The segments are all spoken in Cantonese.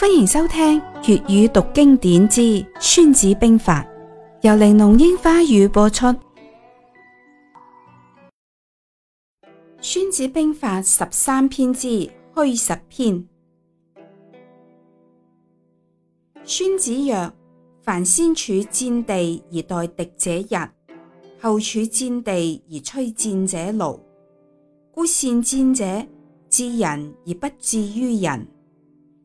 歡迎收聽粵語讀經典之《孫子兵法》，由玲瓏櫻花語播出。《孫子兵法》十三篇之虛實篇。孫子曰：凡先處戰地而待敵者佚，日後處戰地而趨戰者勞。故善戰者，致人而不致於人。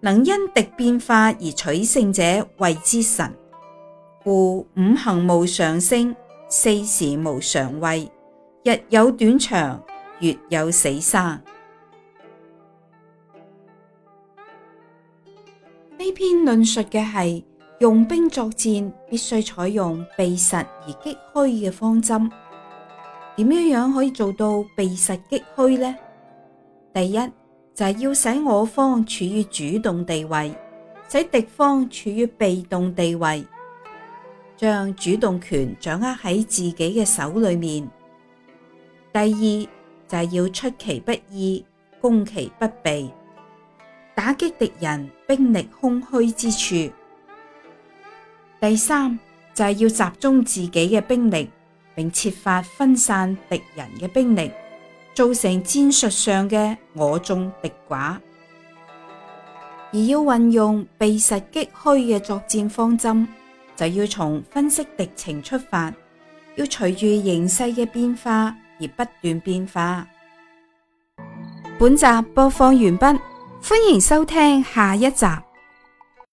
能因敵變化而取勝者，謂之神。故五行無常勝，四時無常位，日有短長，月有死生。呢篇論述嘅係用兵作戰必須採用避實而擊虛嘅方針。點樣樣可以做到避實擊虛呢？第一，就係要使我方處於主動地位，使敵方處於被動地位，將主動權掌握喺自己嘅手裏面。第二，就係要出其不意，攻其不備，打擊敵人兵力空虛之處。第三，就係要集中自己嘅兵力，並設法分散敵人嘅兵力。造成戰術上嘅我眾敵寡，而要運用避實擊虛嘅作戰方針，就要從分析敵情出發，要隨住形勢嘅變化而不斷變化。本集播放完畢，歡迎收聽下一集。